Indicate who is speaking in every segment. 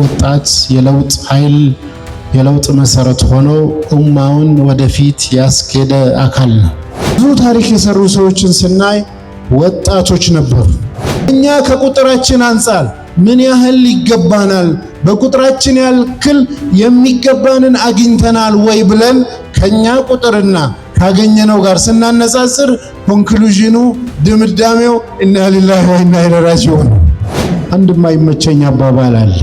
Speaker 1: ወጣት የለውጥ ኃይል የለውጥ መሰረት ሆኖ ኡማውን ወደፊት ያስኬደ አካል ነው። ብዙ ታሪክ የሰሩ ሰዎችን ስናይ ወጣቶች ነበሩ። እኛ ከቁጥራችን አንጻር ምን ያህል ይገባናል፣ በቁጥራችን ያክል የሚገባንን አግኝተናል ወይ ብለን ከኛ ቁጥርና ካገኘነው ጋር ስናነጻጽር ኮንክሉዥኑ ድምዳሜው ኢና ሊላሂ ወኢና አንድ ማይመቸኝ አባባል አለ።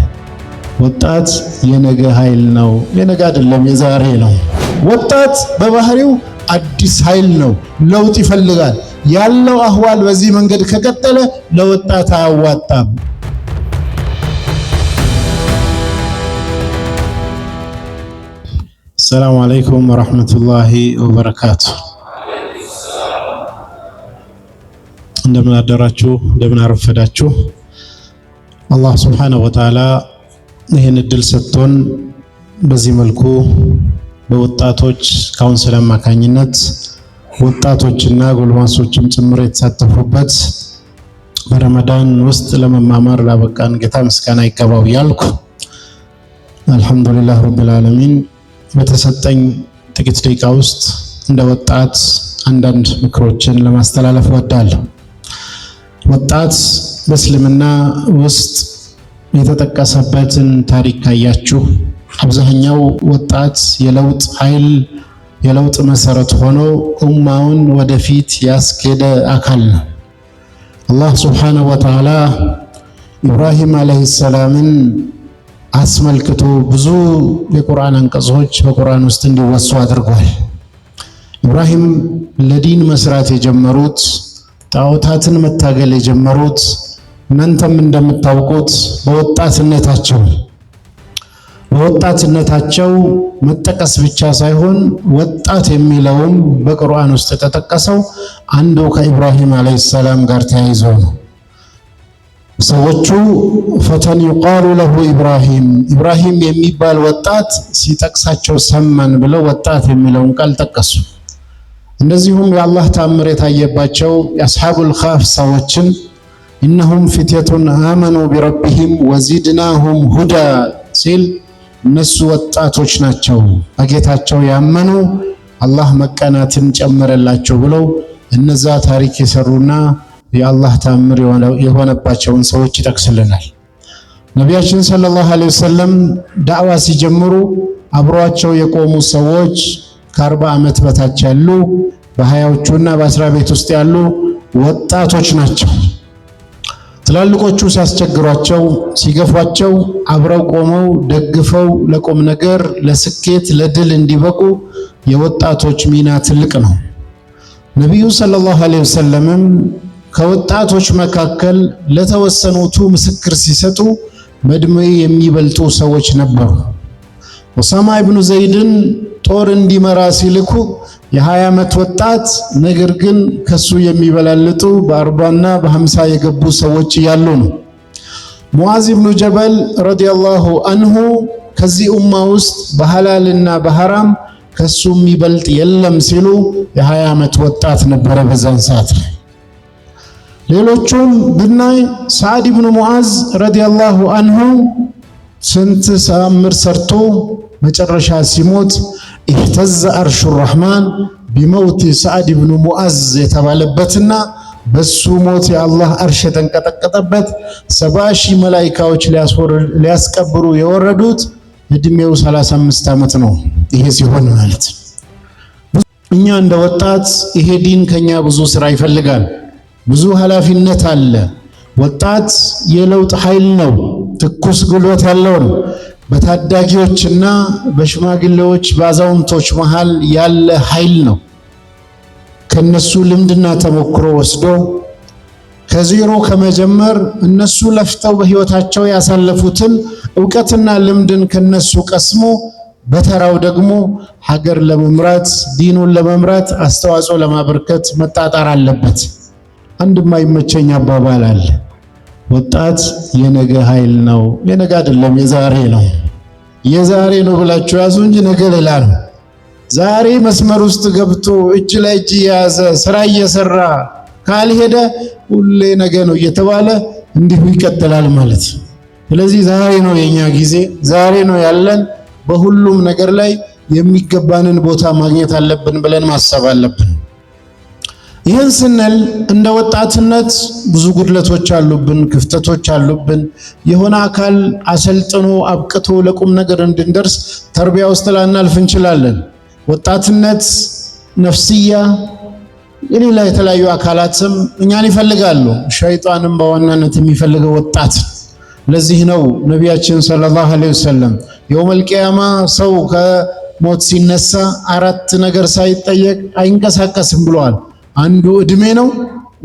Speaker 1: ወጣት የነገ ኃይል ነው። የነገ አይደለም የዛሬ ነው። ወጣት በባህሪው አዲስ ኃይል ነው። ለውጥ ይፈልጋል። ያለው አህዋል በዚህ መንገድ ከቀጠለ ለወጣት አያዋጣም። አሰላሙ አለይኩም ወራህመቱላሂ ወበረካቱ። እንደምን አደራችሁ፣ እንደምን አረፈዳችሁ። አላህ ሱብሓነሁ ወተዓላ ይህን እድል ሰጥቶን በዚህ መልኩ በወጣቶች ካውንስል አማካኝነት ወጣቶችና ጎልማሶችም ጭምር የተሳተፉበት በረመዳን ውስጥ ለመማማር ላበቃን ጌታ ምስጋና ይገባው እያልኩ አልሐምዱሊላህ ረብል ዓለሚን በተሰጠኝ ጥቂት ደቂቃ ውስጥ እንደ ወጣት አንዳንድ ምክሮችን ለማስተላለፍ እወዳለሁ። ወጣት በእስልምና ውስጥ የተጠቀሰበትን ታሪክ ካያችሁ አብዛኛው ወጣት የለውጥ ኃይል የለውጥ መሰረት ሆኖ ኡማውን ወደፊት ያስኬደ አካል ነው። አላህ ስብሓነሁ ወተዓላ ኢብራሂም ዓለይሂ ሰላምን አስመልክቶ ብዙ የቁርአን አንቀጾች በቁርአን ውስጥ እንዲወሱ አድርጓል። ኢብራሂም ለዲን መስራት የጀመሩት ጣዖታትን መታገል የጀመሩት እናንተም እንደምታውቁት በወጣትነታቸው በወጣትነታቸው መጠቀስ ብቻ ሳይሆን ወጣት የሚለውም በቁርአን ውስጥ የተጠቀሰው አንዱ ከኢብራሂም ዓለይሂ ሰላም ጋር ተያይዞ ነው። ሰዎቹ ፈተን ይቃሉ ለሁ ኢብራሂም ኢብራሂም የሚባል ወጣት ሲጠቅሳቸው ሰማን ብለው ወጣት የሚለውን ቃል ጠቀሱ። እንደዚሁም የአላህ ታምር የታየባቸው የአስሓቡል ካፍ ሰዎችን ኢነሁም ፊትየቱን አመኑ ቢረቢሂም ወዚድናሁም ሁዳ ሲል እነሱ ወጣቶች ናቸው በጌታቸው ያመኑ አላህ መቀናትን ጨመረላቸው ብለው እነዛ ታሪክ የሰሩና የአላህ ታምር የሆነባቸውን ሰዎች ይጠቅስልናል። ነቢያችን ሰለላሁ ዐለይሂ ወሰለም ዳዕዋ ሲጀምሩ አብሯቸው የቆሙ ሰዎች ከአርባ ዓመት በታች ያሉ በሀያዎቹና በአስራ ቤት ውስጥ ያሉ ወጣቶች ናቸው። ትላልቆቹ ሲያስቸግሯቸው ሲገፏቸው አብረው ቆመው ደግፈው ለቁም ነገር ለስኬት ለድል እንዲበቁ የወጣቶች ሚና ትልቅ ነው። ነቢዩ ሰለላሁ ዐለይሂ ወሰለምም ከወጣቶች መካከል ለተወሰኑቱ ምስክር ሲሰጡ መድሜ የሚበልጡ ሰዎች ነበሩ። ኡሳማ ኢብኑ ዘይድን ጦር እንዲመራ ሲልኩ የ የ20 ዓመት ወጣት ነገር ግን ከሱ የሚበላልጡ በአርባና በሀምሳ የገቡ ሰዎች እያሉ ነው። ሙዓዝ ኢብኑ ጀበል ረዲየላሁ አንሁ ከዚህ ኡማ ውስጥ በሐላልና በሐራም ከሱ የሚበልጥ የለም ሲሉ የ የ20 ዓመት ወጣት ነበረ በዛን ሰዓት ላይ። ሌሎቹም ብናይ ሰዓድ ኢብኑ ሙዓዝ ረዲየላሁ አንሁ ስንት ተአምር ሰርቶ መጨረሻ ሲሞት ኢህተዘ አርሹ ራህማን ቢመውቲ ሳዕድ ብኑ ሙዓዝ የተባለበትና በሱ ሞት የአላህ አርሽ የተንቀጠቀጠበት ሰባ ሺህ መላኢካዎች ሊያስቀብሩ የወረዱት እድሜው 35 ዓመት ነው። ይሄ ሲሆን ማለት እኛ እንደ ወጣት ይሄ ዲን ከኛ ብዙ ስራ ይፈልጋል። ብዙ ኃላፊነት አለ። ወጣት የለውጥ ኃይል ነው። ትኩስ ጉልበት ያለውን በታዳጊዎችና በሽማግሌዎች በአዛውንቶች መሃል ያለ ኃይል ነው። ከነሱ ልምድና ተሞክሮ ወስዶ ከዜሮ ከመጀመር እነሱ ለፍተው በሕይወታቸው ያሳለፉትን እውቀትና ልምድን ከነሱ ቀስሞ በተራው ደግሞ ሀገር ለመምራት ዲኑን ለመምራት አስተዋጽኦ ለማበርከት መጣጣር አለበት። አንድ የማይመቸኝ አባባል አለ። ወጣት የነገ ኃይል ነው። የነገ አይደለም የዛሬ ነው። የዛሬ ነው ብላችሁ ያዙ እንጂ ነገ ሌላ ነው። ዛሬ መስመር ውስጥ ገብቶ እጅ ላይ እጅ የያዘ ስራ እየሰራ ካልሄደ ሁሌ ነገ ነው እየተባለ እንዲሁ ይቀጥላል ማለት። ስለዚህ ዛሬ ነው የኛ ጊዜ፣ ዛሬ ነው ያለን። በሁሉም ነገር ላይ የሚገባንን ቦታ ማግኘት አለብን ብለን ማሰብ አለብን። ይህን ስንል እንደ ወጣትነት ብዙ ጉድለቶች አሉብን፣ ክፍተቶች አሉብን። የሆነ አካል አሰልጥኖ አብቅቶ ለቁም ነገር እንድንደርስ ተርቢያ ውስጥ ላናልፍ እንችላለን። ወጣትነት ነፍስያ፣ የሌላ የተለያዩ አካላትም እኛን ይፈልጋሉ። ሸይጣንም በዋናነት የሚፈልገው ወጣት። ለዚህ ነው ነቢያችን ሰለላሁ ዐለይሂ ወሰለም የውም ቂያማ ሰው ከሞት ሲነሳ አራት ነገር ሳይጠየቅ አይንቀሳቀስም ብለዋል። አንዱ እድሜ ነው፣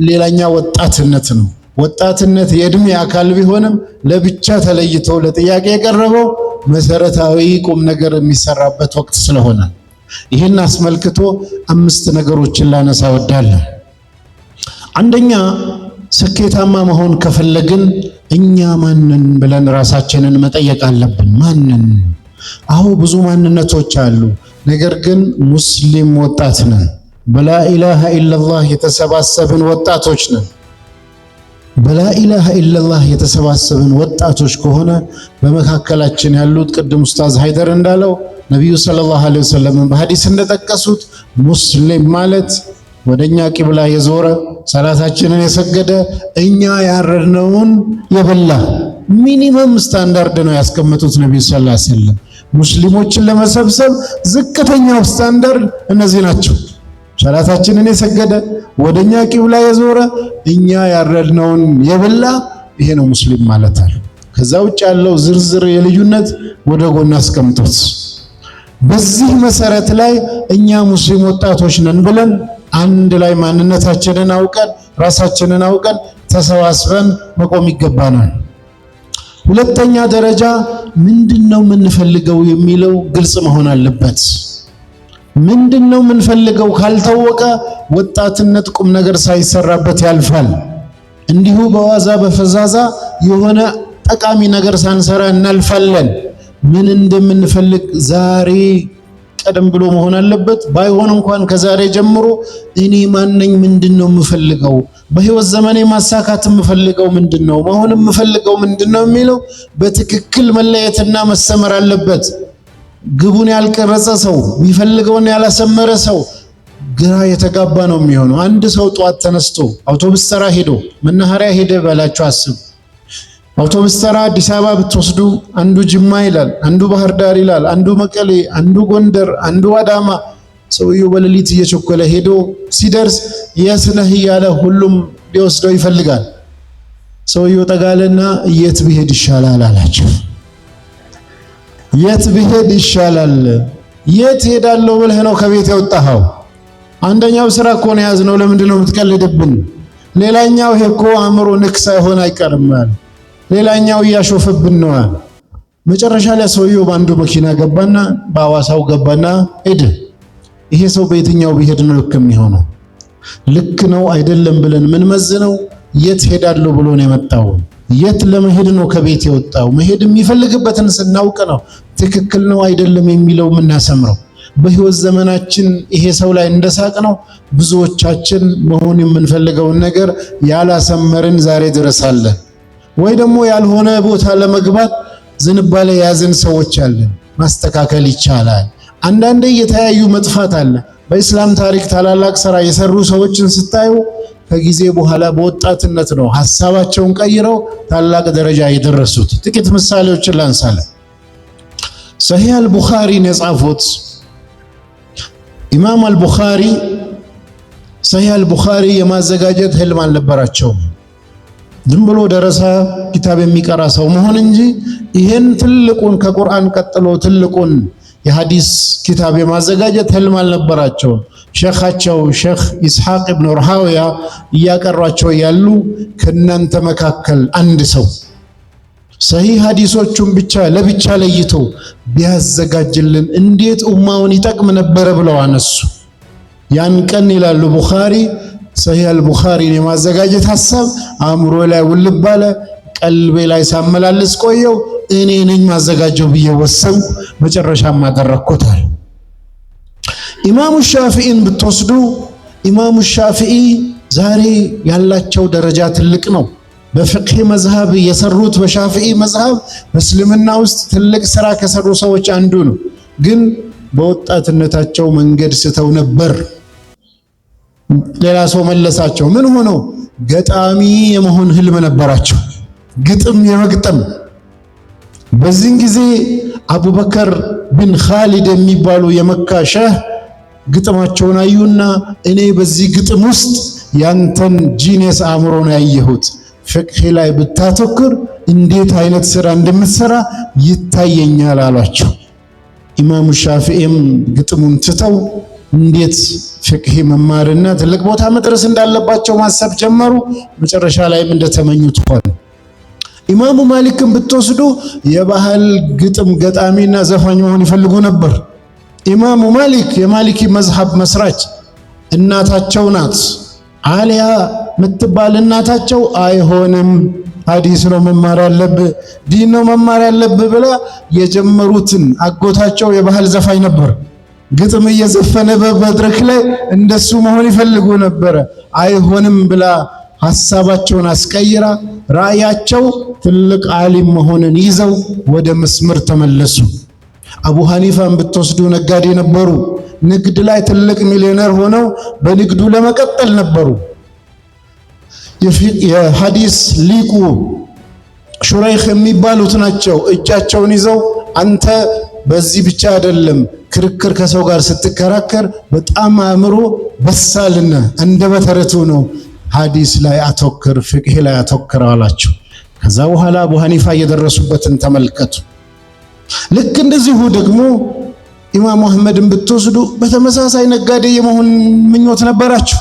Speaker 1: ሌላኛ ወጣትነት ነው። ወጣትነት የእድሜ አካል ቢሆንም ለብቻ ተለይቶ ለጥያቄ የቀረበው መሰረታዊ ቁም ነገር የሚሰራበት ወቅት ስለሆነ ይህን አስመልክቶ አምስት ነገሮችን ላነሳ እወዳለሁ። አንደኛ ስኬታማ መሆን ከፈለግን እኛ ማንን ብለን ራሳችንን መጠየቅ አለብን። ማንን? አዎ ብዙ ማንነቶች አሉ። ነገር ግን ሙስሊም ወጣት ነን። በላኢላሃ ኢለላህ የተሰባሰብን ወጣቶች ነን። በላኢላሃ ኢለላህ የተሰባሰብን ወጣቶች ከሆነ በመካከላችን ያሉት ቅድም ኡስታዝ ሀይደር እንዳለው ነቢዩ ሰለላሁ ዐለይሂ ወሰለምን በሐዲስ እንደጠቀሱት ሙስሊም ማለት ወደኛ ቂብላ የዞረ ሰላታችንን የሰገደ እኛ ያረድነውን የበላ ሚኒመም ስታንዳርድ ነው ያስቀመጡት ነቢዩ ሰለላሁ ዐለይሂ ወሰለም። ሙስሊሞችን ለመሰብሰብ ዝቅተኛው ስታንዳርድ እነዚህ ናቸው። ሰላታችንን የሰገደ ወደኛ ቂብላ የዞረ እኛ ያረድነውን የበላ ይሄ ነው ሙስሊም ማለት አለ። ከዛ ውጭ ያለው ዝርዝር የልዩነት ወደ ጎን አስቀምጦት በዚህ መሰረት ላይ እኛ ሙስሊም ወጣቶች ነን ብለን አንድ ላይ ማንነታችንን አውቀን ራሳችንን አውቀን ተሰባስበን መቆም ይገባናል። ሁለተኛ ደረጃ ምንድን ነው የምንፈልገው የሚለው ግልጽ መሆን አለበት። ምንድን ነው የምንፈልገው ካልታወቀ ወጣትነት ቁም ነገር ሳይሰራበት ያልፋል። እንዲሁ በዋዛ በፈዛዛ የሆነ ጠቃሚ ነገር ሳንሰራ እናልፋለን። ምን እንደምንፈልግ ዛሬ ቀደም ብሎ መሆን አለበት። ባይሆን እንኳን ከዛሬ ጀምሮ እኔ ማነኝ? ምንድን ነው የምፈልገው? በህይወት ዘመኔ ማሳካት የምፈልገው ምንድን ነው? መሆን የምፈልገው ምንድን ነው የሚለው በትክክል መለየትና መሰመር አለበት። ግቡን ያልቀረጸ ሰው የሚፈልገውን ያላሰመረ ሰው ግራ የተጋባ ነው የሚሆነው። አንድ ሰው ጧት ተነስቶ አውቶቡስ ተራ ሄዶ መናኸሪያ ሄደ በላችሁ አስብ። አውቶቡስ ተራ አዲስ አበባ ብትወስዱ አንዱ ጅማ ይላል፣ አንዱ ባህር ዳር ይላል፣ አንዱ መቀሌ፣ አንዱ ጎንደር፣ አንዱ አዳማ። ሰውየው በሌሊት እየቸኮለ ሄዶ ሲደርስ የት ነህ እያለ ሁሉም ሊወስደው ይፈልጋል። ሰውየው ጠጋለና የት ብሄድ ይሻላል አላቸው። የት ብሄድ ይሻላል? የት ሄዳለሁ ብለህ ነው ከቤት ያወጣኸው? አንደኛው ስራ እኮ ነው የያዝነው። ለምንድን ነው የምትቀልድብን? ሌላኛው ይሄ እኮ አእምሮ ንክ ሳይሆን አይቀርም። ሌላኛው እያሾፈብን ነው። መጨረሻ ላይ ሰውየው በአንዱ መኪና ገባና በአዋሳው ገባና ሄደ። ይሄ ሰው በየትኛው ብሄድ ነው ልክ የሚሆነው? ልክ ነው አይደለም ብለን ምን መዝነው? የት ሄዳለሁ ብሎ ነው የመጣው? የት ለመሄድ ነው ከቤት የወጣው? መሄድ የሚፈልግበትን ስናውቅ ነው ትክክል ነው አይደለም የሚለው የምናሰምረው። በህይወት ዘመናችን ይሄ ሰው ላይ እንደሳቅ ነው። ብዙዎቻችን መሆን የምንፈልገውን ነገር ያላሰመርን ዛሬ ድረስ አለን። ወይ ደግሞ ያልሆነ ቦታ ለመግባት ዝንባሌ የያዝን ሰዎች አለን። ማስተካከል ይቻላል። አንዳንዴ የተለያዩ መጥፋት አለ። በኢስላም ታሪክ ታላላቅ ስራ የሰሩ ሰዎችን ስታዩ ከጊዜ በኋላ በወጣትነት ነው ሀሳባቸውን ቀይረው ታላቅ ደረጃ የደረሱት። ጥቂት ምሳሌዎችን ላንሳለ ሰሂህ አልቡኻሪን የጻፉት ኢማም አልቡኻሪ ሰሂህ አልቡኻሪ የማዘጋጀት ህልም አልነበራቸውም። ዝም ብሎ ደረሳ ኪታብ የሚቀራ ሰው መሆን እንጂ ይህን ትልቁን ከቁርአን ቀጥሎ ትልቁን የሐዲስ ኪታብ የማዘጋጀት ህልም አልነበራቸውም። ሸኻቸው ሸኽ ኢስሐቅ ኢብኑ ርሃውያ እያቀሯቸው ያሉ ከእናንተ መካከል አንድ ሰው ሰሂህ ሐዲሶቹን ብቻ ለብቻ ለይቶ ቢያዘጋጅልን እንዴት ኡማውን ይጠቅም ነበረ ብለው አነሱ። ያን ቀን ይላሉ ቡኻሪ ሰሂህ አልቡኻሪን የማዘጋጀት ሐሳብ አእምሮ ላይ ውልባለ ቀልቤ ላይ ሳመላልስ ቆየው። እኔ ነኝ ማዘጋጀው ብዬ ወሰንኩ። መጨረሻም አደረግኩታል። ኢማሙ ሻፊኢን ብትወስዱ ኢማሙ ሻፊኢ ዛሬ ያላቸው ደረጃ ትልቅ ነው። በፍቅህ መዝሃብ የሰሩት በሻፊኢ መዝሃብ በእስልምና ውስጥ ትልቅ ስራ ከሰሩ ሰዎች አንዱ ነው። ግን በወጣትነታቸው መንገድ ስተው ነበር። ሌላ ሰው መለሳቸው። ምን ሆኖ ገጣሚ የመሆን ህልም ነበራቸው፣ ግጥም የመግጠም። በዚህን ጊዜ አቡበከር ብን ኻሊድ የሚባሉ የመካ ሸህ ግጥማቸውን አዩና እኔ በዚህ ግጥም ውስጥ ያንተን አእምሮ ነው ያየሁት ፍቅህ ላይ ብታተኩር እንዴት አይነት ስራ እንደምትሰራ ይታየኛል አሏቸው። ኢማሙ ሻፊዒም ግጥሙን ትተው እንዴት ፍቅሄ መማርና ትልቅ ቦታ መድረስ እንዳለባቸው ማሰብ ጀመሩ። መጨረሻ ላይም እንደተመኙት ሆነ። ኢማሙ ማሊክን ብትወስዱ የባህል ግጥም ገጣሚና ዘፋኝ መሆን ይፈልጉ ነበር። ኢማሙ ማሊክ የማሊኪ መዝሀብ መስራች እናታቸው ናት። አሊያ የምትባል እናታቸው አይሆንም ሐዲስ ነው መማር ያለብህ ዲን ነው መማር ያለብህ ብላ የጀመሩትን አጎታቸው የባህል ዘፋኝ ነበር። ግጥም እየዘፈነ በመድረክ ላይ እንደሱ መሆን ይፈልጉ ነበረ። አይሆንም ብላ ሐሳባቸውን አስቀይራ ራእያቸው ትልቅ ዓሊም መሆንን ይዘው ወደ መስመር ተመለሱ። አቡ ሐኒፋን ብትወስዱ ነጋዴ ነበሩ። ንግድ ላይ ትልቅ ሚሊዮነር ሆነው በንግዱ ለመቀጠል ነበሩ። የሐዲስ ሊቁ ሹራይህ የሚባሉት ናቸው። እጃቸውን ይዘው አንተ በዚህ ብቻ አይደለም ክርክር ከሰው ጋር ስትከራከር በጣም አእምሮ በሳልነ እንደ በተረቱ ነው። ሐዲስ ላይ አተክር፣ ፍቅህ ላይ አተክር አላቸው። ከዛ በኋላ አቡ ሐኒፋ እየደረሱበትን ተመልከቱ። ልክ እንደዚሁ ደግሞ ኢማም አህመድን ብትወስዱ በተመሳሳይ ነጋዴ የመሆን ምኞት ነበራቸው።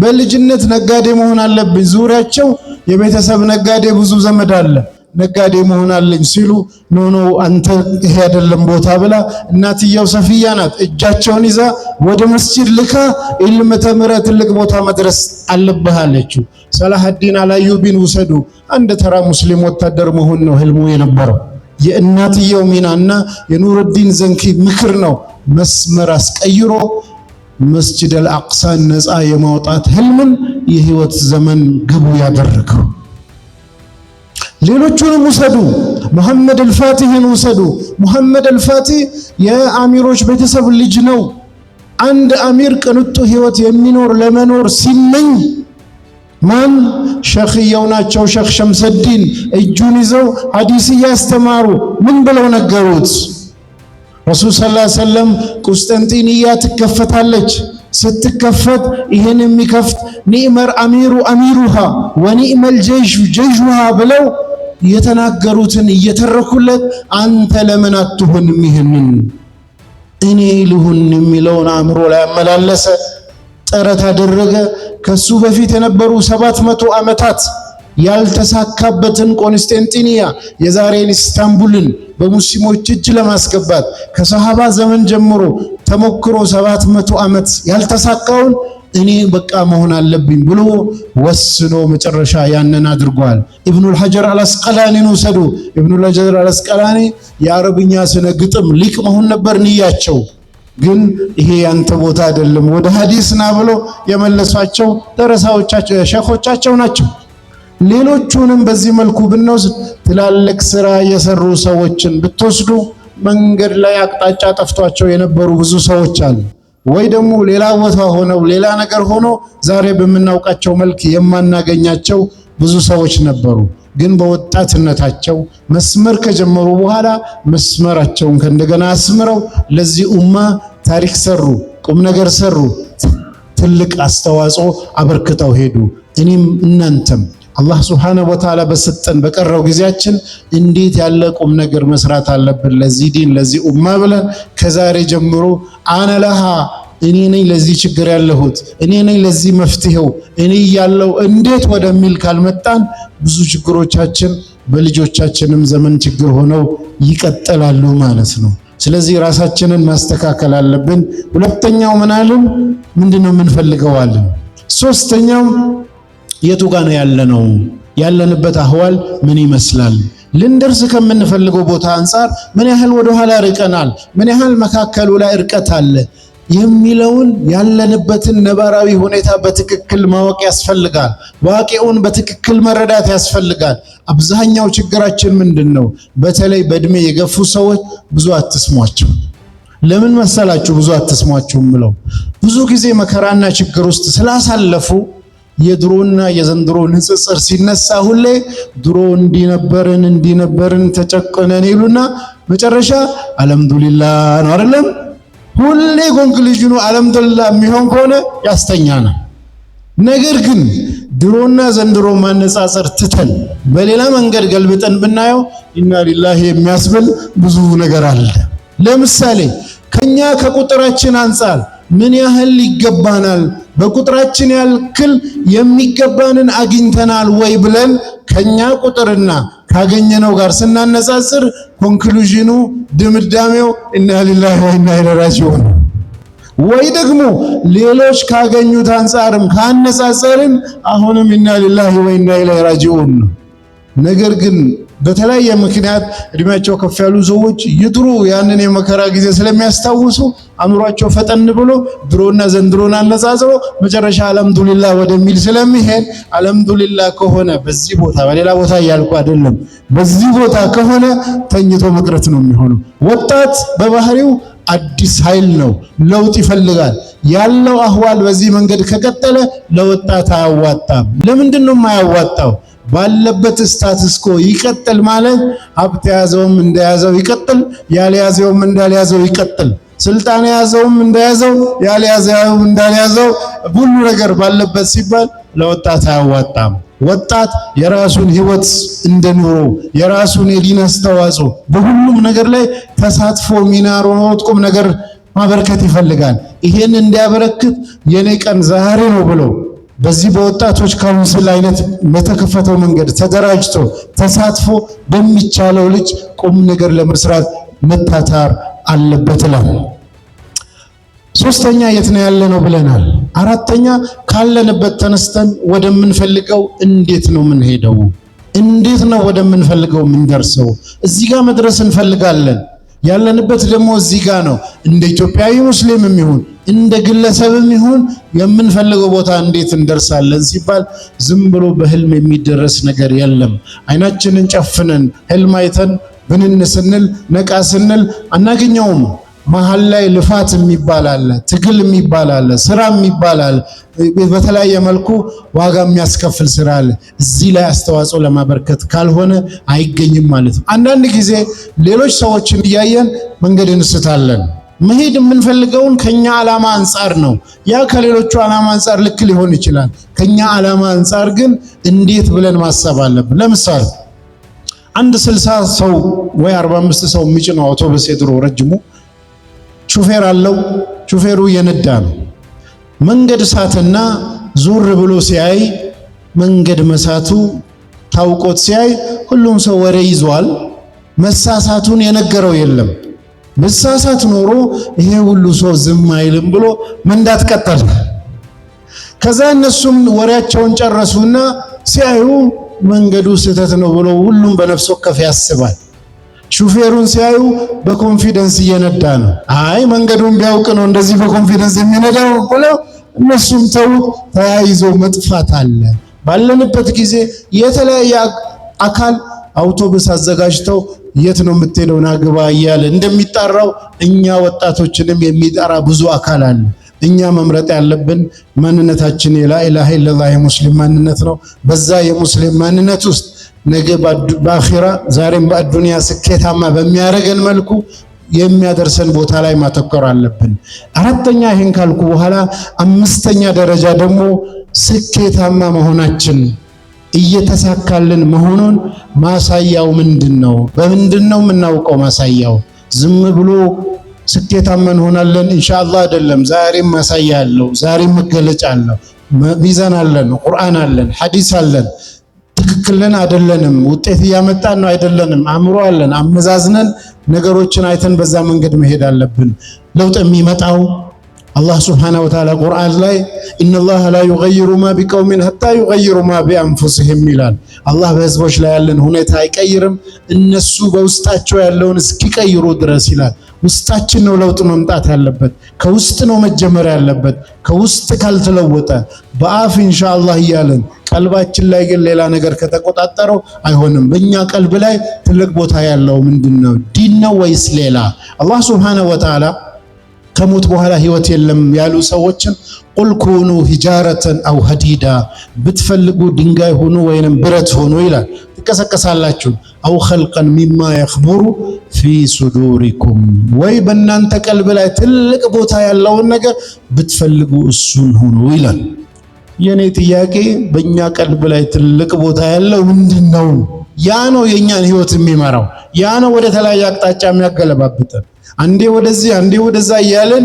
Speaker 1: በልጅነት ነጋዴ መሆን አለብኝ፣ ዙሪያቸው የቤተሰብ ነጋዴ ብዙ ዘመድ አለ፣ ነጋዴ መሆን አለኝ ሲሉ ኖ ኖ አንተ ይሄ አይደለም ቦታ ብላ እናትየው ሰፊያ ናት እጃቸውን ይዛ ወደ መስጂድ ልካ ኢልም ተምረህ ትልቅ ቦታ መድረስ አለብህ አለችው። ሰላሐዲን አላዩቢን ውሰዱ፣ አንድ ተራ ሙስሊም ወታደር መሆን ነው ህልሙ የነበረው። የእናትየው ሚናና የኑርዲን ዘንኪ ምክር ነው መስመር አስቀይሮ መስጂደል አቅሳን ነፃ የማውጣት ህልምን የህይወት ዘመን ግቡ ያደረገው። ሌሎቹንም ውሰዱ። መሐመድ አልፋቲህን ውሰዱ። መሐመድ አልፋቲህ የአሚሮች ቤተሰብ ልጅ ነው። አንድ አሚር ቅንጡ ህይወት የሚኖር ለመኖር ሲመኝ ማን ሸኽየው ናቸው? ሸኽ ሸምሰዲን እጁን ይዘው ሐዲስ እያስተማሩ ምን ብለው ነገሩት? ረሱል ሰለላሁ ዐለይሂ ወሰለም ቁስጠንጢንያ ትከፈታለች። ስትከፈት ይህን የሚከፍት ኒዕመር አሚሩ አሚሩሃ ወኒዕመል ጀይሹ ጀይሹሃ ብለው የተናገሩትን እየተረኩለት አንተ ለምን አትሆንም? ይህንን እኔ ልሁን የሚለውን አእምሮ ላይ አመላለሰ። ጥረት አደረገ። ከሱ በፊት የነበሩ ሰባት መቶ ዓመታት ያልተሳካበትን ቆንስጤንጢንያ የዛሬን ኢስታንቡልን በሙስሊሞች እጅ ለማስገባት ከሰሃባ ዘመን ጀምሮ ተሞክሮ ሰባት መቶ ዓመት ያልተሳካውን እኔ በቃ መሆን አለብኝ ብሎ ወስኖ መጨረሻ ያንን አድርጓል። ኢብኑል ሐጀር አልአስቀላኒን ውሰዱ። ኢብኑል ሐጀር አላስቀላኒ የአረብኛ ስነ ግጥም ሊቅ መሆን ነበር ንያቸው። ግን ይሄ ያንተ ቦታ አይደለም ወደ ሐዲስ ና ብሎ የመለሷቸው ደረሳዎቻቸው ሸኾቻቸው ናቸው። ሌሎቹንም በዚህ መልኩ ብንወስድ ትላልቅ ስራ የሰሩ ሰዎችን ብትወስዱ መንገድ ላይ አቅጣጫ ጠፍቷቸው የነበሩ ብዙ ሰዎች አሉ። ወይ ደግሞ ሌላ ቦታ ሆነው ሌላ ነገር ሆኖ ዛሬ በምናውቃቸው መልክ የማናገኛቸው ብዙ ሰዎች ነበሩ። ግን በወጣትነታቸው መስመር ከጀመሩ በኋላ መስመራቸውን ከእንደገና አስምረው ለዚህ ኡማ ታሪክ ሰሩ፣ ቁም ነገር ሰሩ፣ ትልቅ አስተዋጽኦ አበርክተው ሄዱ። እኔም እናንተም አላህ ሱብሓነሁ ወተዓላ በሰጠን በቀረው ጊዜያችን እንዴት ያለ ቁም ነገር መስራት አለብን ለዚህ ዲን ለዚህ ኡማ ብለን ከዛሬ ጀምሮ አነ ለሃ እኔ ነኝ ለዚህ ችግር ያለሁት፣ እኔ ነኝ ለዚህ መፍትሄው፣ እኔ ያለው እንዴት ወደሚል ካልመጣን ብዙ ችግሮቻችን በልጆቻችንም ዘመን ችግር ሆነው ይቀጥላሉ ማለት ነው። ስለዚህ ራሳችንን ማስተካከል አለብን። ሁለተኛው ምናልን ምንድነው የምንፈልገዋለን? ሶስተኛው የቱ ጋ ነው ያለነው? ያለንበት አህዋል ምን ይመስላል? ልንደርስ ከምንፈልገው ቦታ አንጻር ምን ያህል ወደኋላ ርቀናል? ምን ያህል መካከሉ ላይ እርቀት አለ? የሚለውን ያለንበትን ነባራዊ ሁኔታ በትክክል ማወቅ ያስፈልጋል። ዋቂውን በትክክል መረዳት ያስፈልጋል። አብዛኛው ችግራችን ምንድን ነው? በተለይ በእድሜ የገፉ ሰዎች ብዙ አትስሟቸው። ለምን መሰላችሁ? ብዙ አትስሟቸው ምለው ብዙ ጊዜ መከራና ችግር ውስጥ ስላሳለፉ የድሮና የዘንድሮ ንጽጽር ሲነሳ ሁሌ ድሮ እንዲነበርን እንዲነበርን ተጨቆነን ይሉና መጨረሻ አልሐምዱሊላህ ነው አይደለም ሁሌ ኮንክሉዥኑ አልሐምዱሊላህ የሚሆን ከሆነ ያስተኛናል። ነገር ግን ድሮና ዘንድሮ ማነጻጸር ትተን በሌላ መንገድ ገልብጠን ብናየው ኢና ሊላሂ የሚያስብል ብዙ ነገር አለ። ለምሳሌ ከኛ ከቁጥራችን አንጻር ምን ያህል ይገባናል፣ በቁጥራችን ያክል የሚገባንን አግኝተናል ወይ ብለን ከኛ ቁጥርና ካገኘነው ጋር ስናነጻጽር ኮንክሉዥኑ ድምዳሜው እና ሊላሂ ወኢና ኢለይሂ ራጂዑን ወይ ደግሞ ሌሎች ካገኙት አንጻርም ካነጻጸርን አሁንም እና ሊላሂ ወኢና ኢለይሂ ራጂዑን። ነገር ግን በተለያየ ምክንያት እድሜያቸው ከፍ ያሉ ሰዎች ይጥሩ። ያንን የመከራ ጊዜ ስለሚያስታውሱ አእምሯቸው ፈጠን ብሎ ድሮና ዘንድሮን አነጻጽሮ መጨረሻ አለምዱሊላ ወደሚል ስለሚሄድ አልሐምዱሊላ ከሆነ በዚህ ቦታ በሌላ ቦታ እያልኩ አይደለም፣ በዚህ ቦታ ከሆነ ተኝቶ መቅረት ነው የሚሆነው። ወጣት በባህሪው አዲስ ኃይል ነው፣ ለውጥ ይፈልጋል። ያለው አህዋል በዚህ መንገድ ከቀጠለ ለወጣት አያዋጣም። ለምንድን ነው የማያዋጣው? ባለበት ስታትስኮ ይቀጥል ማለት ሀብት የያዘውም እንደያዘው ይቀጥል፣ ያልያዘውም እንዳልያዘው ይቀጥል፣ ስልጣን የያዘውም እንደያዘው ያልያዘውም እንዳልያዘው ሁሉ ነገር ባለበት ሲባል ለወጣት አያዋጣም። ወጣት የራሱን ህይወት እንደኖሮ የራሱን የዲን አስተዋጽኦ በሁሉም ነገር ላይ ተሳትፎ ሚናሮ ቁም ነገር ማበረከት ይፈልጋል። ይሄን እንዲያበረክት የኔ ቀን ዛሬ ነው ብለው በዚህ በወጣቶች ካውንስል አይነት በተከፈተው መንገድ ተደራጅቶ ተሳትፎ በሚቻለው ልጅ ቁም ነገር ለመስራት መታታር አለበት ይላል። ሶስተኛ የት ነው ያለነው ብለናል። አራተኛ ካለንበት ተነስተን ወደምንፈልገው እንዴት ነው ምንሄደው? እንዴት ነው ወደምንፈልገው የምንደርሰው? እዚህ ጋር መድረስ እንፈልጋለን። ያለንበት ደግሞ እዚህ ጋር ነው። እንደ ኢትዮጵያዊ ሙስሊም የሚሆን እንደ ግለሰብም ይሁን የምንፈልገው ቦታ እንዴት እንደርሳለን ሲባል ዝም ብሎ በህልም የሚደረስ ነገር የለም። አይናችንን ጨፍነን ህልም አይተን ብንን ስንል ነቃ ስንል አናገኘውም። መሀል ላይ ልፋት የሚባል አለ፣ ትግል የሚባል አለ፣ ስራ የሚባል አለ። በተለያየ መልኩ ዋጋ የሚያስከፍል ስራ አለ። እዚህ ላይ አስተዋጽኦ ለማበርከት ካልሆነ አይገኝም ማለት ነው። አንዳንድ ጊዜ ሌሎች ሰዎችን እያየን መንገድ እንስታለን። መሄድ የምንፈልገውን ከኛ ዓላማ አንጻር ነው። ያ ከሌሎቹ ዓላማ አንጻር ልክ ሊሆን ይችላል። ከኛ ዓላማ አንጻር ግን እንዴት ብለን ማሰብ አለብን። ለምሳሌ አንድ ስልሳ ሰው ወይ 45 ሰው የሚጭነው አውቶቡስ የድሮ ረጅሙ ሹፌር አለው። ሹፌሩ የነዳ ነው። መንገድ እሳትና ዙር ብሎ ሲያይ መንገድ መሳቱ ታውቆት ሲያይ ሁሉም ሰው ወሬ ይዟል። መሳሳቱን የነገረው የለም። መሳሳት ኖሮ ይሄ ሁሉ ሰው ዝም አይልም ብሎ መንዳት ቀጠለ። ከዛ እነሱም ወሬያቸውን ጨረሱና ሲያዩ መንገዱ ስህተት ነው ብሎ ሁሉም በነፍስ ወከፍ ያስባል። ሹፌሩን ሲያዩ በኮንፊደንስ እየነዳ ነው። አይ መንገዱን ቢያውቅ ነው እንደዚህ በኮንፊደንስ የሚነዳው ብለው እነሱም ተው። ተያይዞ መጥፋት አለ። ባለንበት ጊዜ የተለያየ አካል አውቶቡስ አዘጋጅተው የት ነው የምትሄደው? ናግባ ግባ እያለ እንደሚጣራው እኛ ወጣቶችንም የሚጠራ ብዙ አካል አለ። እኛ መምረጥ ያለብን ማንነታችን የላኢላሀ ኢለላህ የሙስሊም ማንነት ነው። በዛ የሙስሊም ማንነት ውስጥ ነገ በአኺራ ዛሬም በአዱንያ ስኬታማ በሚያደርገን መልኩ የሚያደርሰን ቦታ ላይ ማተኮር አለብን። አራተኛ ይህን ካልኩ በኋላ አምስተኛ ደረጃ ደግሞ ስኬታማ መሆናችን እየተሳካልን መሆኑን ማሳያው ምንድን ነው? በምንድን ነው የምናውቀው? ማሳያው ዝም ብሎ ስኬታማ እንሆናለን ኢንሻአላህ አይደለም። ዛሬም ማሳያ አለው። ዛሬም መገለጫ አለው። ሚዛን አለን፣ ቁርአን አለን፣ ሐዲስ አለን። ትክክልን አይደለንም፣ ውጤት እያመጣን ነው አይደለንም፣ አእምሮ አለን። አመዛዝነን ነገሮችን አይተን በዛ መንገድ መሄድ አለብን። ለውጥ የሚመጣው አላህ ስብሓነሁ ወተዓላ ቁርአን ላይ ኢነላህ ላ ዩገይሩ ማ ቢቀውሚን ሀታ ዩገይሩ ማ ቢአንፉሲሂም ይላል። አላህ በህዝቦች ላይ ያለን ሁኔታ አይቀይርም እነሱ በውስጣቸው ያለውን እስኪቀይሩ ድረስ ይላል። ውስጣችን ነው ለውጥ መምጣት ያለበት፣ ከውስጥ ነው መጀመር ያለበት። ከውስጥ ካልተለወጠ በአፍ ኢንሻአላህ እያለን ቀልባችን ላይ ግን ሌላ ነገር ከተቆጣጠረው አይሆንም። በእኛ ቀልብ ላይ ትልቅ ቦታ ያለው ምንድን ነው? ዲን ነው ወይስ ሌላ? አላህ ስብሓነሁ ወተዓላ ከሞት በኋላ ህይወት የለም ያሉ ሰዎችን ቁል ኩኑ ሂጃረተን አው ሀዲዳ ብትፈልጉ ድንጋይ ሆኖ ወይንም ብረት ሆኖ ይላል። ትቀሰቀሳላችሁ። አው ኸልቀን ሚማ የክቡሩ ፊ ሱዱሪኩም ወይ በእናንተ ቀልብ ላይ ትልቅ ቦታ ያለውን ነገር ብትፈልጉ እሱን ሆኖ ይላል። የእኔ ጥያቄ በእኛ ቀልብ ላይ ትልቅ ቦታ ያለው ምንድን ነው? ያ ነው የእኛን ህይወት የሚመራው። ያ ነው ወደ ተለያየ አቅጣጫ የሚያገለባብጠን። አንዴ ወደዚህ አንዴ ወደዛ እያለን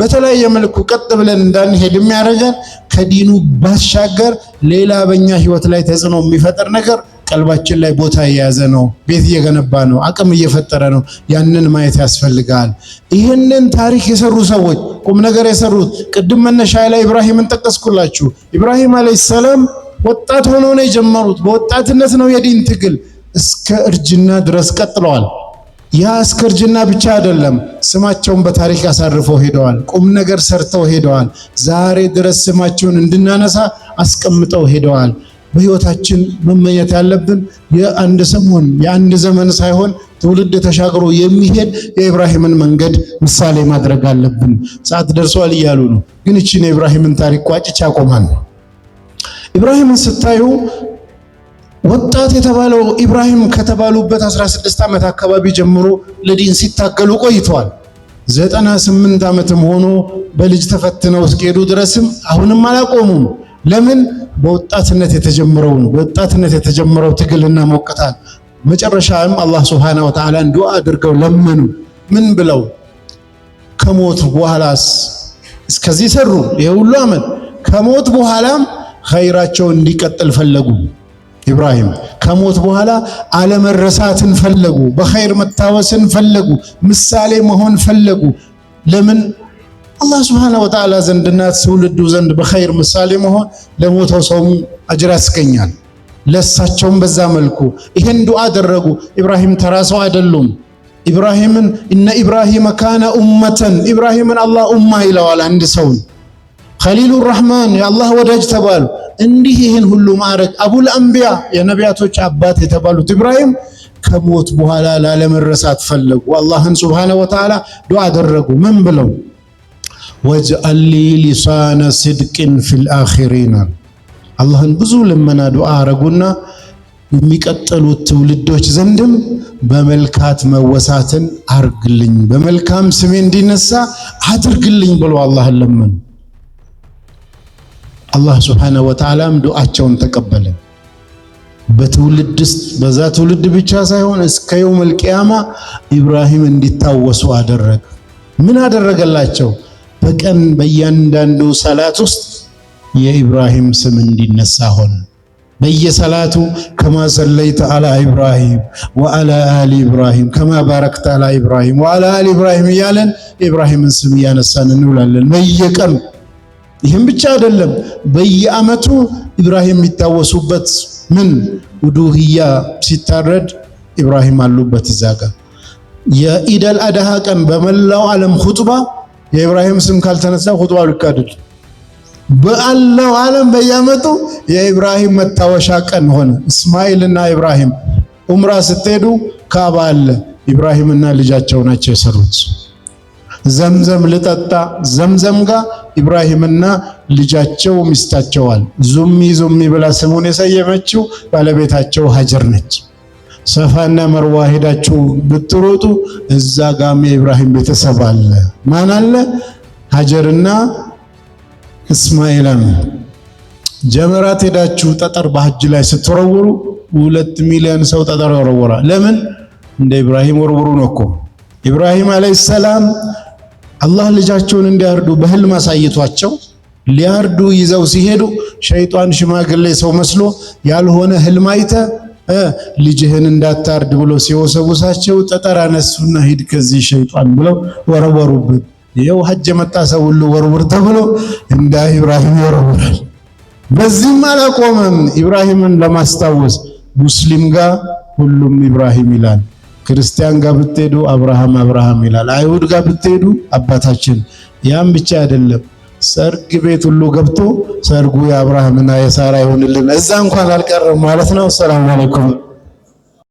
Speaker 1: በተለያየ መልኩ ቀጥ ብለን እንዳንሄድ የሚያደርገን ከዲኑ ባሻገር ሌላ በኛ ህይወት ላይ ተጽዕኖ የሚፈጥር ነገር ቀልባችን ላይ ቦታ እየያዘ ነው። ቤት እየገነባ ነው። አቅም እየፈጠረ ነው። ያንን ማየት ያስፈልጋል። ይህንን ታሪክ የሰሩ ሰዎች ቁም ነገር የሰሩት ቅድም መነሻ ላይ ኢብራሂምን ጠቀስኩላችሁ። ኢብራሂም አለይሂ ሰላም ወጣት ሆኖ ነው የጀመሩት። በወጣትነት ነው የዲን ትግል እስከ እርጅና ድረስ ቀጥለዋል። ያ እስከርጅና ብቻ አይደለም፣ ስማቸውን በታሪክ አሳርፈው ሄደዋል። ቁም ነገር ሰርተው ሄደዋል። ዛሬ ድረስ ስማቸውን እንድናነሳ አስቀምጠው ሄደዋል። በህይወታችን መመኘት ያለብን የአንድ ሰሞን የአንድ ዘመን ሳይሆን ትውልድ ተሻግሮ የሚሄድ የኢብራሂምን መንገድ ምሳሌ ማድረግ አለብን። ሰዓት ደርሷል እያሉ ነው፣ ግን እቺን የኢብራሂምን ታሪክ ቋጭቻ ያቆማል። ኢብራሂምን ስታዩ ወጣት የተባለው ኢብራሂም ከተባሉበት 16 ዓመት አካባቢ ጀምሮ ለዲን ሲታገሉ ቆይተዋል። 98 ዓመትም ሆኖ በልጅ ተፈትነው እስኪሄዱ ድረስም አሁንም አላቆሙም። ለምን? በወጣትነት የተጀመረውን በወጣትነት የተጀመረው ትግልና ሞቅታል መጨረሻም አላህ ሱብሓነሁ ወተዓላ ዱዓ አድርገው ለመኑ። ምን ብለው? ከሞት በኋላስ እስከዚህ ሰሩ፣ ይሄ ሁሉ ዓመት ከሞት በኋላም ኸይራቸው እንዲቀጥል ፈለጉ። ኢብራሂም ከሞት በኋላ አለመረሳትን ፈለጉ፣ በኸይር መታወስን ፈለጉ፣ ምሳሌ መሆን ፈለጉ። ለምን? አላህ ስብሓነሁ ወተዓላ ዘንድና ትውልዱ ዘንድ በኸይር ምሳሌ መሆን ለሞተው ሰውም አጅር ያስገኛል። ለእሳቸውም በዛ መልኩ ይሄን ዱዓ አደረጉ። ኢብራሂም ተራ ሰው አይደሉም። ኢብራሂምን እነ ኢብራሂመ ካነ ኡመተን ኢብራሂምን አላህ ኡማ ይለዋል አንድ ሰውን ከሊሉ ራህማን የአላህ ወዳጅ ተባሉ። እንዲህ ይህን ሁሉ ማዕረግ አቡል አንቢያ የነቢያቶች አባት የተባሉት ኢብራሂም ከሞት በኋላ ላለመረሳት ፈለጉ። አላህን ስብሓነ ወተዓላ ዱዓ አደረጉ። ምን ብለው ወጅአሊ ሊሳነ ስድቅን ፊልአኺሪና አላህን ብዙ ልመና ዱዓ አረጉና የሚቀጥሉት ትውልዶች ዘንድም በመልካት መወሳትን አርግልኝ፣ በመልካም ስሜ እንዲነሳ አድርግልኝ ብሎ አላህን ለመኑ። አላህ ስብሓነ ወተዓላም ዱዓቸውን ተቀበለ። በትውልድ ውስጥ በዛ ትውልድ ብቻ ሳይሆን እስከ የውመል ቂያማ ኢብራሂም እንዲታወሱ አደረገ። ምን አደረገላቸው? በቀን በእያንዳንዱ ሰላት ውስጥ የኢብራሂም ስም እንዲነሳ ሆነ። በየሰላቱ ከማ ሰለይተ አላ ኢብራሂም ወአላ አሊ ኢብራሂም ከማ ባረክተ አላ ኢብራሂም ወአላ አሊ ኢብራሂም እያለን የኢብራሂምን ስም እያነሳን እንውላለን በየቀኑ ይህም ብቻ አይደለም። በየዓመቱ ኢብራሂም የሚታወሱበት ምን ውዱህያ ሲታረድ ኢብራሂም አሉበት እዛ ጋር የኢደል አድሃ ቀን በመላው ዓለም ሁጥባ የኢብራሂም ስም ካልተነሳ ሁጥባ ልካድል በአላው ዓለም በየዓመቱ የኢብራሂም መታወሻ ቀን ሆነ። እስማኤልና ኢብራሂም ኡምራ ስትሄዱ ካባ አለ። ኢብራሂምና ልጃቸው ናቸው የሰሩት። ዘምዘም ልጠጣ ዘምዘም ጋር ኢብራሂምና ልጃቸው ሚስታቸዋል ዙሚ ዙሚ ብላ ስሙን የሰየመችው ባለቤታቸው ሀጀር ነች። ሰፋና መርዋ ሄዳችሁ ብትሮጡ እዛ ጋም የኢብራሂም ቤተሰብ አለ። ማን አለ? ሀጀርና እስማኤልም። ጀመራት ሄዳችሁ ጠጠር በሐጅ ላይ ስትወረውሩ ሁለት ሚሊዮን ሰው ጠጠር ይወረወራል። ለምን? እንደ ኢብራሂም ወርውሩ ነው እኮ ኢብራሂም አለይሂ ሰላም አላህ ልጃቸውን እንዲያርዱ በህልም አሳይቷቸው ሊያርዱ ይዘው ሲሄዱ ሸይጣን ሽማግሌ ሰው መስሎ ያልሆነ ህልም አይተ ልጅህን እንዳታርድ ብሎ ሲወሰውሳቸው ጠጠር አነሱና ሂድ ከዚህ ሸይጣን ብለው ወረወሩብን። ይኸው ሀጅ የመጣ ሰው ሁሉ ወርውር ተብሎ እንደ ኢብራሂም ይወረውራል። በዚህም አላቆመም። ኢብራሂምን ለማስታወስ ሙስሊም ጋር ሁሉም ኢብራሂም ይላል። ክርስቲያን ጋር ብትሄዱ አብርሃም አብርሃም ይላል። አይሁድ ጋር ብትሄዱ አባታችን። ያም ብቻ አይደለም፣ ሰርግ ቤት ሁሉ ገብቶ ሰርጉ የአብርሃምና የሳራ ይሆንልን እዛ እንኳን አልቀረም ማለት ነው። ሰላም አለይኩም።